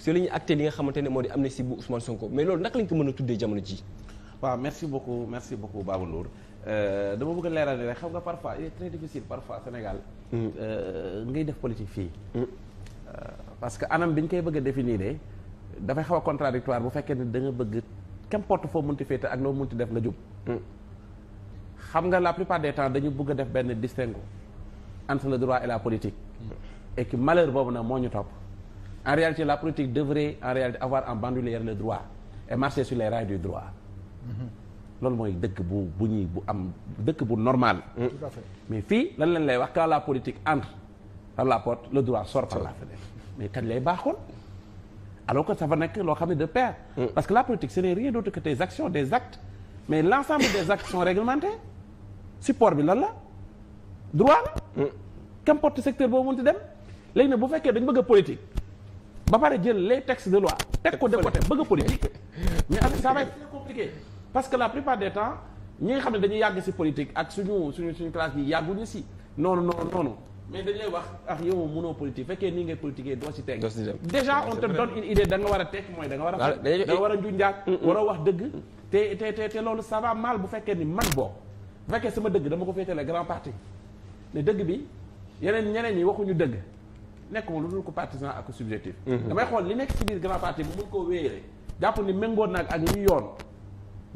si la ñuy acté li nga xamante ne moo di amnistie bu Ousmane Sonko mais loolu naka lañ ko mën a tuddee jamono ji waaw merci beaucoup merci beaucoup Babou Ndour euh, dama bëgg a leeral ni rek xam nga parfois il est très difficile parfois Sénégal hmm. euh, ngay def politique fii hmm. euh, parce que anam bi ñu koy bëgg a de dafay xaw a contradictoire bu fekkee ne da nga bëgg qu'importe foo mun ti féete ak loo ti def nga jub hmm. xam nga la plupart des temps dañu bëgg a def benn distinguo entre le droit et la politique et que boobu nag moo ñu topp En réalité, la politique devrait en réalité avoir en bandoulière le droit et marcher sur les rails du droit. Mm-hmm. loolu mooy dëkk bu bu ñuy bu am dëkk bu normal. Mm. mais fii lan lañ lay wax quand la politique entre par la porte le droit sort par la fenêtre. mais kañ lay baaxoon alors que ça va nekk loo xam ne de pair. Mm. parce que la politique ce n'est rien d'autre que des des actes mais l'ensemble des actes sont réglementés support bi lan la droit la. Mm. qu'importe secteur boobu mënti dem léegi nag bu fekkee dañu bëgg a ba pare jël les textes de loi teg ko de côté bëgg a politique mais avec ça va être très compliqué parce que la plupart des temps ñi nga xam ne dañuy yàgg ci politique ak suñu suñu suñu classe yi yàgguñu si noonu noonu noonu mais dañu lay wax ak ah, yow mënoo politique fekkee nii ngay politiquer doo ci teg déjà on te donne une idée da nga war a teg mooy da nga war a da nga war a njunjaag mm, mm. war a wax dëgg te te te te loolu ça mal bu fekkee ni man boo bu fekkee sama dëgg dama ko féetale grand parti ne dëgg bi yeneen ñeneen ñi waxuñu dëgg nekkuma lu dul ko partisan ak subjectif. Mhm. damay xool li nekk ci biir grand parti bu mën koo wéyale jàpp ni méngoo naag ak ñuy yoon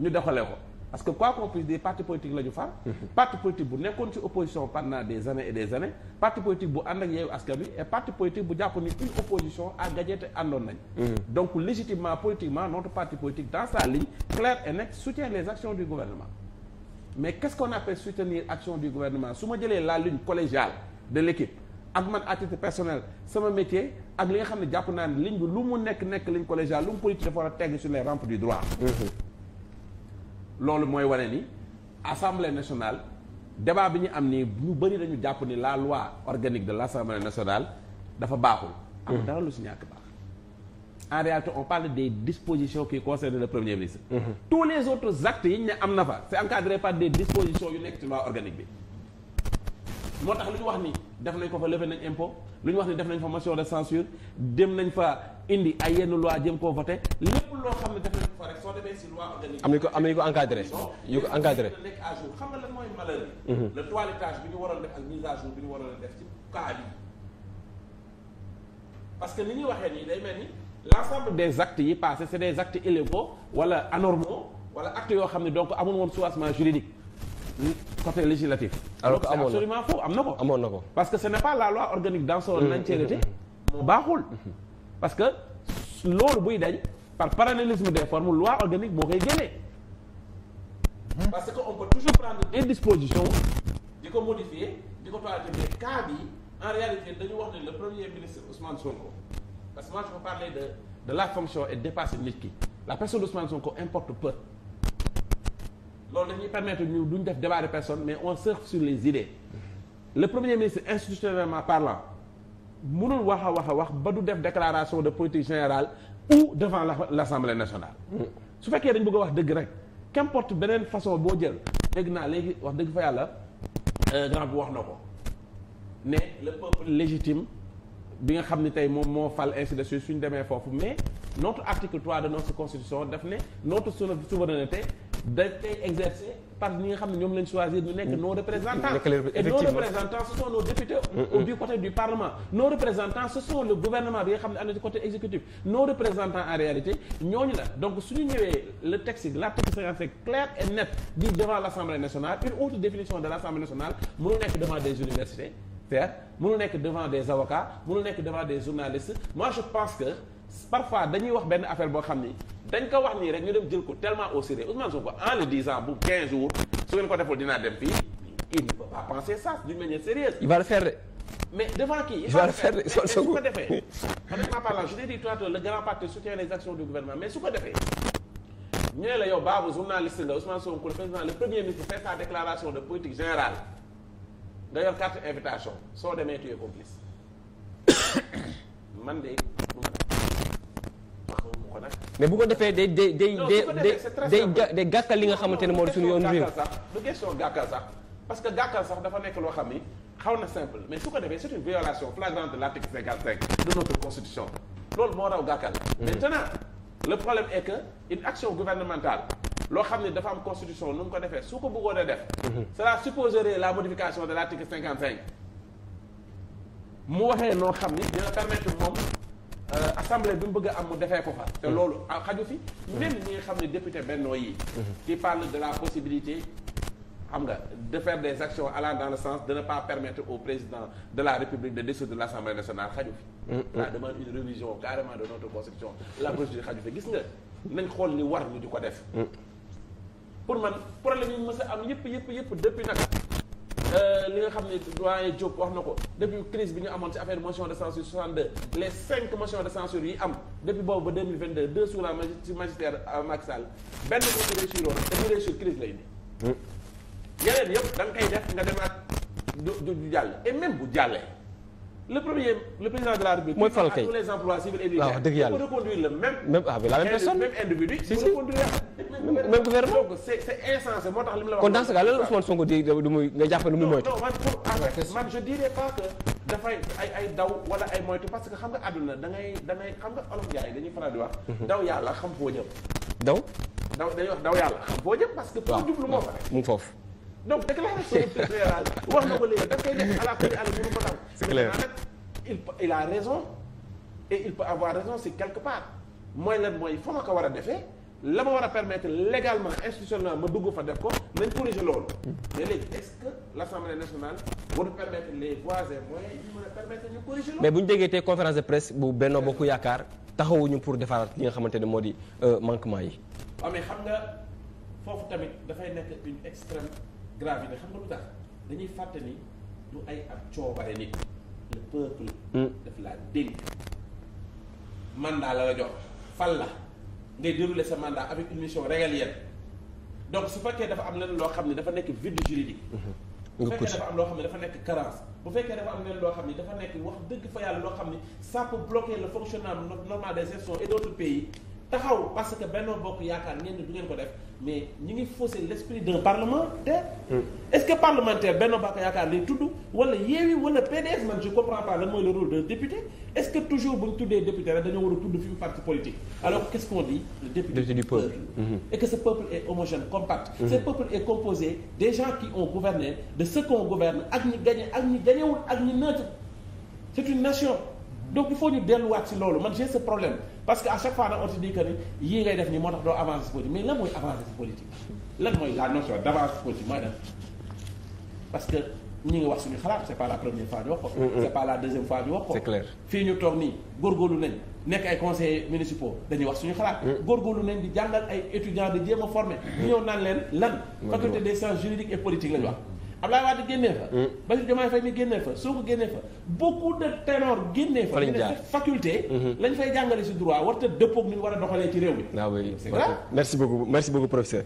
ñu doxalee ko parce que quoi qu'on puisse parti politique la ñu far. Mhm. parti politique bu nekkoon ci opposition pendant des années et des années parti politique bu ànd ak yeewu askan wi et parti politique bu jàpp ni une opposition à gagné te àndoon nañ. Mhm. donc légitimement politiquement notre parti politique dans ligne claire et nette soutient mais qu'est-ce qu'on appelle action du gouvernement su ma jëlee la ligne collégiale de l'équipe ak man à titre personnel sama métier ak li nga xam ne jàpp naa ne ligne bi lu mu nekk nekk ligne collégiale lu mu politique dafa war a tegg sur les rampes du droit. loolu mooy wane ni assemblée nationale débat bi ñu am nii ñu bëri dañu jàpp ni la loi organique de l' assemblée nationale dafa baaxul. am dara lu si ñàkk baax. en réalité on parle des dispositions qui concernent le premier ministre. tous les autres actes yi ñu ne am na fa c' est encadré par des yu nekk bi moo tax lu ni. def nañ ko fa levé nañ impôt lu ñu wax ni def nañ fa motion de censure dem nañ fa indi ay yenn loi jëm koo voté lépp loo xam ne def nañ ko fa rek soo demee si loi am nañ ko am nañ ko xam nga lan mooy malheur bi. Mhm. le bi ñu waroon def ak mise à jour bi ñu waroon def ci cas parce que ni ñuy waxee nii day mel ni l'ensemble des actes yi passés c'est des actes illégaux wala anormaux wala actes yoo xam ne donc amul woon soubassement juridique. côté législatif. Ah, alors que amoon na am na ko. amoon na ko parce que ce n'est pas la loi organique dans son mm-hmm. entièreté. Mm-hmm. moo baaxul. parce que loolu buy dañ par parallélisme des formes loi organique moo koy génnee. Mm-hmm. parce que on peut toujours prendre des dispositions di ko modifier di ko toiletter mais cas bi en réalité dañu wax ne le premier ministre Ousmane Sonko parce que moi je peux parler de de la fonction et dépasser nit ki la personne d'Ousmane ko importe peu. loolu dañuy permettre ñu duñ def débat de personne mais on surfe sur les idées le premier ministre institutionnellement parlant mënul wax a wax a wax ba du def déclaration de politique générale ou devant l'Assemblée nationale su fekkee dañ bëgg a wax dëgg rek qu'importe beneen façon boo jël dégg naa léegi wax dëgg fa yàlla euh, grand bu wax na ko ne le peuple légitime bi nga xam ni tey moom moo fal ainsi de suite suñ demee foofu mais notre article 3 de notre constitution daf ne notre souveraineté dañ koy exercer par ñi nga xam ne ñoom lañ choisir ñu nekk nos représentants et nos représentants ce sont nos députés au du côté du parlement nos représentants ce sont gouvernement bi nga xam ne am na ci côté exécutif nos représentants en réalité ñooñu la donc suñu ñëwee la texte l'article 55 clair et net dit devant l'Assemblée nationale une autre définition de l'Assemblée nationale mënu nekk devant des universités faire nekk devant des avocats mënu nekk devant des journalistes moi pense que parfois dañuy wax benn affaire boo xam ni dañ ko wax nii rek ñu dem jël ko tellement au sérieux Ousmane Sonko en le disant bu 15 jours su ngeen ko deful dinaa dem fii il ne peut pas penser ça d'une manière sérieuse. il va le faire de. mais devant qui il, il va le faire de su ko defee. man maa parlant je t'ai dit tout à l'heure le mais su ko defee ñu ne la yow Babou journaliste nga Ousmane Sonko le président le premier ministre fait sa déclaration de politique générale nga yor carte invitation soo demee tu es complice man mais bu ko defee day day day day gàkkal li nga xamante ne moo de suñu yoon réew sax du question gàkkal sax parce que gàkkal sax dafa nekk loo xam ni xaw na simple mais su ko defee c'est une violation flagrante de l'article 55 de notre constitution loolu moo raw gàkkal hmm. maintenant le problème est que une action gouvernementale loo xam ne dafa am constitution nu mu ko defee su ko bëggoon a def hmm. cela supposerait la modification de l'article 55 mu waxee noo xam ni dina permettre assemblée bi mu bëgg am mu defee ko fa. te mm-hmm. loolu xaju fi. Mm-hmm. même ñi nga xam ne député Benno yi. Mm-hmm. qui parle de la possibilité. xam nga de faire des actions allant dans le sens de ne pas permettre au président de la République de dissoudre de l'Assemblée nationale xaju fi la demande une révision carrément de notre constitution la procédure xaju fi gis nga nañ xool li war ñu di ko def pour man problème yi mës a am yëpp yëpp yëpp depuis nag Euh, li nga xam ne doyen Diop wax na ko depuis crise bi ñu amoon ci affaire motion de censure 62 les cinq motions de censure yi am depuis boobu ba 2022 deux sous la ci magistère euh, Macky Sall benn ko ci réussir woon te bu réussir crise lay ni hmm. yeneen yëpp da nga koy def nga demaat du du jàll et même bu jàllee le premier le président de la République. mooy fal kay waaw ah, dëgg yàlla pour reconduire le même. Ah, la même personne même individu. si si même gouvernement donc c' est c' la wax. kon dans di dafay daw wala ay moytu parce que xam nga àdduna da ngay da ngay xam nga olof jaay dañuy faral di wax. Mhm. daw yàlla xam foo jëm. daw. daw dañuy wax daw yàlla xam foo jëm parce que. waaw waaw pour moo fa rek mu foofu. donc déclaration de politique générale wax na ko léegi daf koy def à daw. a raison et il peut avoir raison si quelque mooy lan ko war a defee la ma war a permettre légalement institutionnellement ma dugg ko nañ corriger loolu. Hmm. mais léegi est-ce que l'Assemblée mais bu ñu déggee tey conférence de presse bu Benno Bokk Yaakaar taxawuñu pour defaraat li nga xamante ne moo di euh, manquement yi. waaw ah, amee xam nga foofu tamit dafay nekk une extrême. gravité xam nga lu tax dañuy fàttali du ay ab coobare nit le peuple hmm. daf laa dénk mandat la la jox fal la ngay dérouler sa mandat avec une mission régalienne donc su fekkee dafa am leen loo xam ne dafa nekk vide juridique bu mhm. fekkee dafa am loo xam ne dafa nekk carence bu fekkee dafa am leen loo xam ne dafa nekk wax dëgg fa yàlla loo xam ne ça peut bloquer le fonctionnement normal des pays taxaw parce que Benno Bokk Yaakaar ngeen ne du ngeen ko def mais ñi ngi fausser l'esprit d'un parlementaire hmm. est-ce que parlementaire Benno Bokk Yaakaar lay tudd wala Yewwi wala PDS man je comprends pas lan mooy le rôle est-ce que toujours bu ñu tuddee député rek dañoo war a tudd fi mu parti politique alors qu'est-ce qu'on dit le député du peuple hmm. et que ce peuple est homogène compact hmm. ce peuple est composé des gens qui ont gouverné de ceux ak ñi ak ñi gagnéwul ak ñi neutre c'est nation donc il faut ñu ci loolu man problème parce que à chaque fois nag on te dit que ni yii ngay def nii moo tax doo avancer politique mais lan mooy avancer politique lan mooy la notion d' avance politique mooy def parce que ñi ngi wax suñu xalaat c' est la première fois ñu wax ko. c' est pas la deuxième fois ñu wax ko. fii ñu toog nii góorgóorlu nañ nekk ay conseillers municipaux dañuy wax suñu xalaat. góorgóorlu nañ di jàngal ay étudiants di jéem a former. ñëw naan leen lan. faculté des sciences Abdoulaye Wade génnee fa. Mm. Bassirou Diomaye Faye mi génnee fa Sonko génnee fa beaucoup de ténor génnee fa. fa faculté. Mm-hmm. lañ fay jàngale si droit warut a dëppoo ak ni ñu war a doxalee ci réew mi. waaw oui merci beaucoup merci beaucoup professeur.